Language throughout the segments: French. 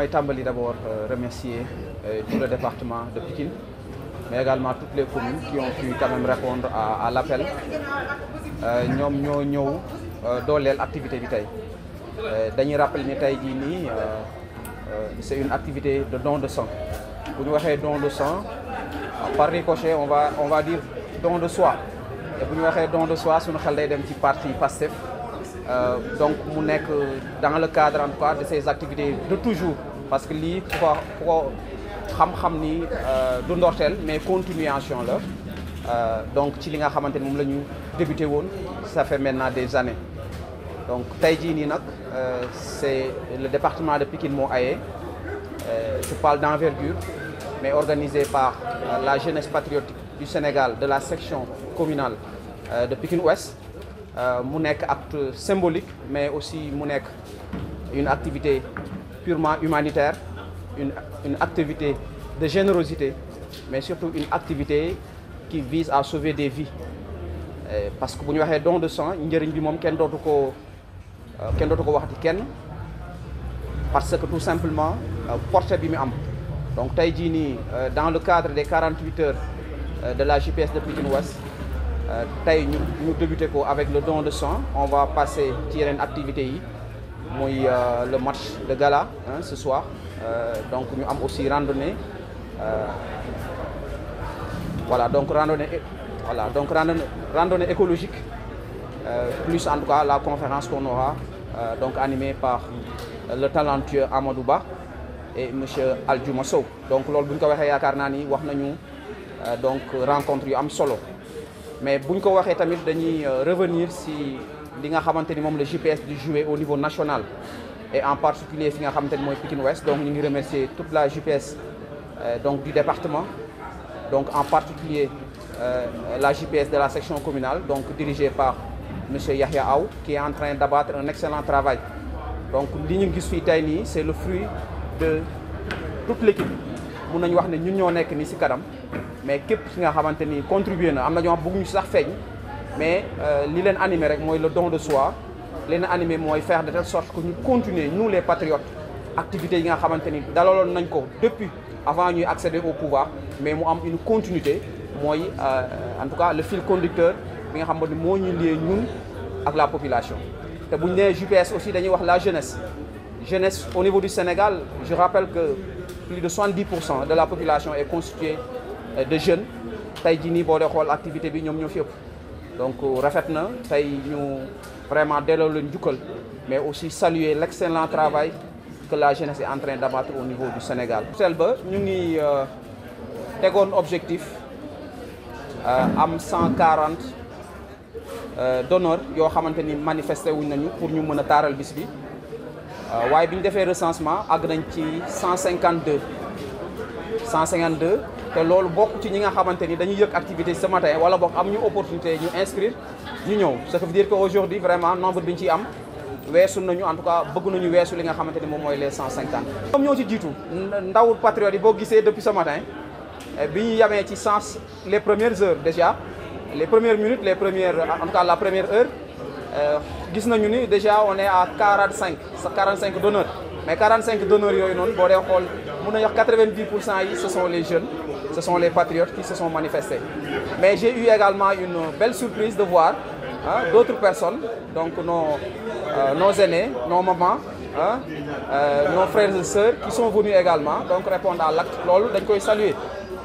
Je voudrais d'abord euh, remercier euh, tout le département de Pékin, mais également toutes les communes qui ont pu quand même répondre à, l'appel Nous euh, ñoo ñëw l'activité activité bi rappel ni c'est une activité de don de sang nous faire don de sang par ricochet on va on va dire don de soi et nous faire don de soi c'est une day dem petit parti passif. Euh, donc mu sommes dans le cadre encore de ses activités de toujours parce que nous pour ko ko xam-xam ni euh, du mais continuation euh, donc ci li nga xamantene débuté ça fait maintenant des années donc Taïji-Ninak, c'est le département de Pikine moo je parle d'envergure mais organisé par la jeunesse patriotique du Sénégal de la section communale de Pikine Ouest euh, mu acte symbolique mais aussi une activité purement humanitaire une activité de générosité mais surtout une activité qui vise à sauver des vies parce que nous, nous, un don de sang bi ko euh, nous ko waxati parce que tout simplement portée euh, bi donc Taïdini, dans le cadre des 48 heures de la GPS de Pikine nous euh, débutons avec le don de sang on va passer à une activité euh, le match de gala hein, ce soir euh, donc aussi randonnée voilà donc randonnée voilà donc randonnée, écologique plus en tout cas la conférence qu'on aura donc animée par le talentueux Amadouba et M. Al donc loolu bu nous ko donc solo mais si nous euh, revenir si li nga le GPS du jouer au niveau national et en particulier si nga Ouest donc ñu toute la GPS euh, donc du département donc en particulier euh, la GPS de la section communale donc dirigée par M. Yahya Aou, qui est en train d'abattre un excellent travail donc li ñu c'est le fruit de toute l'équipe mën nañ wax ne ñun ñoo nekk ni si kanam mais képp ki nga xamante ni contribuer na am na ñoo xam bëgguñu sax feeñ mais euh, li leen animé rek mooy le don de soi leen animé mooy faire de telle sorte que ñu continuer nous les patriotes l'activité yi nga xamante ni nañ ko depuis avant ñuy accéder au pouvoir mais mu am une continuité mooy euh, en tout cas le fil conducteur bi nga xam ne moo ñu lié ñun ak la population te buñ JPS aussi dañuy wax la jeunesse jeunesse au niveau du Sénégal je rappelle que plus de 70% de la population est constituée euh, de jeunes C'est pour l'activité activité donc nous euh, na vraiment delloo mais aussi saluer l'excellent travail que la jeunesse est en train d'abattre au niveau du Sénégal. Nous avons un objectif euh, am 140 donneurs qui ont manifesté pour nous mener à euh, waaye bi ñu defee recensement àgg nañ ci 152 152 te loolu bokk ci ñi nga xamante ni dañuy yëg activité ce matin wala bokk am ñu opportunité ñu inscrire ñu ñëw ce qui veut dire que aujourd'hui vraiment nombre bi ñu ciy am weesu nañu en tout cas bëgg nañu weesu li nga xamante nous mooy les 150. Comme ñoo ci jiitu ndaw patriotes yi boo depuis ce matin il y avait ci sens les premières heures déjà les premières minutes les premières en tout cas la première heure euh, déjà on est à 45 45 donneurs mais 45 donneurs 90 ce sont les jeunes ce sont les patriotes qui se sont manifestés mais j'ai eu également une belle surprise de voir hein, d'autres personnes donc nos euh, nos aînés nos mamans hein, euh, nos frères et sœurs qui sont venus également donc répondre à l'acte saluer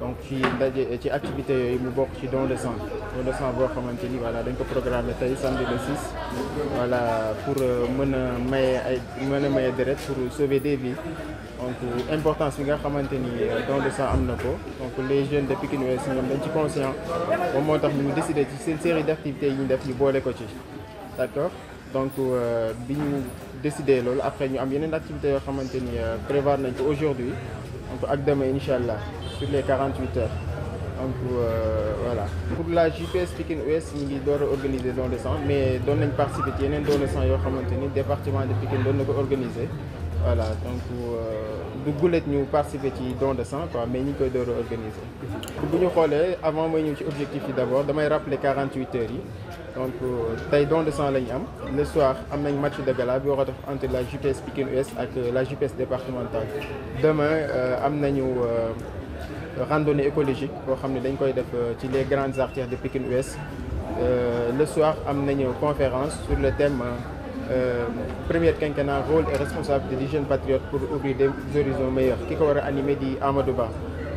donc ci activité yooyu mu dans ci don de sang don de sang bo xamanteni voilà dañ ko programmer tay samedi le 6 voilà pour euh, mën may ay mën pour sauver des vies donc importance bi nga xamanteni don euh, de sang am na ko donc les jeunes depuis Pikine nous sommes, dañ ci conscient Au moment tax ñu décidé ci une série d'activités yi ñu def ñu bolé ko ci donc nous euh, ñu décidé après ñu am yeneen activité yo xamanteni prévoir nañ ko aujourd'hui donc ak demain inchallah sur les 48 heures donc euh, voilà pour la JPS Pikine OS, ñu ngi organiser don de sang mais doon nañ participer ci yeneen don de sang yoo xamante département de Pikine doon na organisé. organiser voilà donc euh, du gulet participer ci don de sang quoi mais ñi ngi koy door organiser bu ñu avant mooy ñëw ci objectif yi d'abord damay rappeler 48 heures yi donc euh, de sang la le soir am match de gala entre la JPS Pikine US et euh, la JPS départementale demain euh, am une randonnée écologique pour les grandes artères de Pikine US le soir am une conférence sur le thème Premier quinquennat rôle et responsable des jeunes patriotes pour ouvrir des horizons meilleurs Qui ko animé di Amadou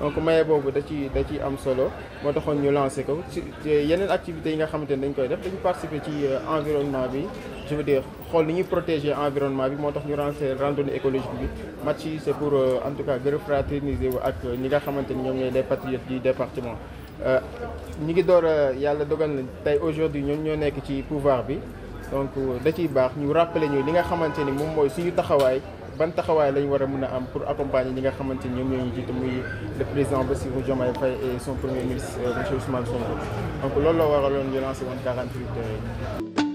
donc maye boobu da ci da ci am solo moo taxoon ñu lancé ko ci yeneen activités yi nga xamante ne dañ koy def dañu participer ci euh, environnement bi je veux dire xool ni ñuy protéger environnement bi moo tax ñu lancé randonnée écologique bi match yi c'est pour euh, en tout cas gën fraterniser wu ak ñi nga xamante ni ñoom ñooy les patriotes du département euh, ñi ngi door a yàlla dogal na tey aujourd'hui ñoom ñoo nekk ci pouvoir bi donc da ciy baax ñu rappeler ñu li nga xamante ni moom mooy suñu taxawaay ban taxaway lañ wara mëna am pour accompagner ñi nga xamante ni ñoom ñoo ñu muy le président Bassirou Diomaye Faye et son premier ministre euh, monsieur Ousmane Sonko donc loolu la waraloon ñu lancer woon 48